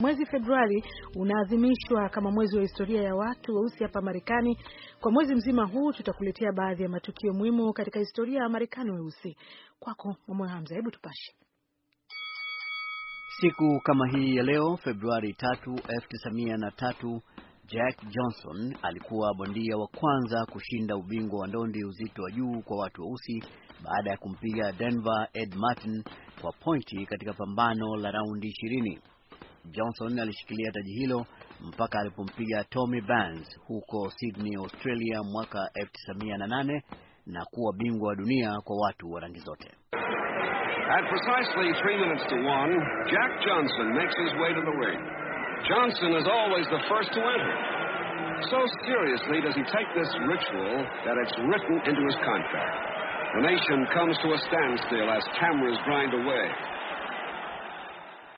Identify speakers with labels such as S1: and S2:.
S1: Mwezi Februari unaadhimishwa kama mwezi wa historia ya watu weusi hapa Marekani. Kwa mwezi mzima huu tutakuletea baadhi ya matukio muhimu katika historia ya Marekani weusi. Kwako Mama Hamza, hebu tupashe.
S2: Siku kama hii ya leo Februari 3, 1903 Jack Johnson alikuwa bondia wa kwanza kushinda ubingwa wa ndondi uzito wa juu kwa watu weusi baada ya kumpiga Denver Ed Martin kwa pointi katika pambano la raundi 20. Johnson alishikilia taji hilo mpaka alipompiga Tommy Burns huko Sydney, Australia mwaka 1908 na kuwa bingwa wa dunia kwa watu wa rangi zote.
S3: At precisely three minutes to one, Jack Johnson makes his way to the ring. Johnson is always the first to enter. So seriously does he take this ritual that it's written into his contract. The nation comes to a standstill as cameras grind away.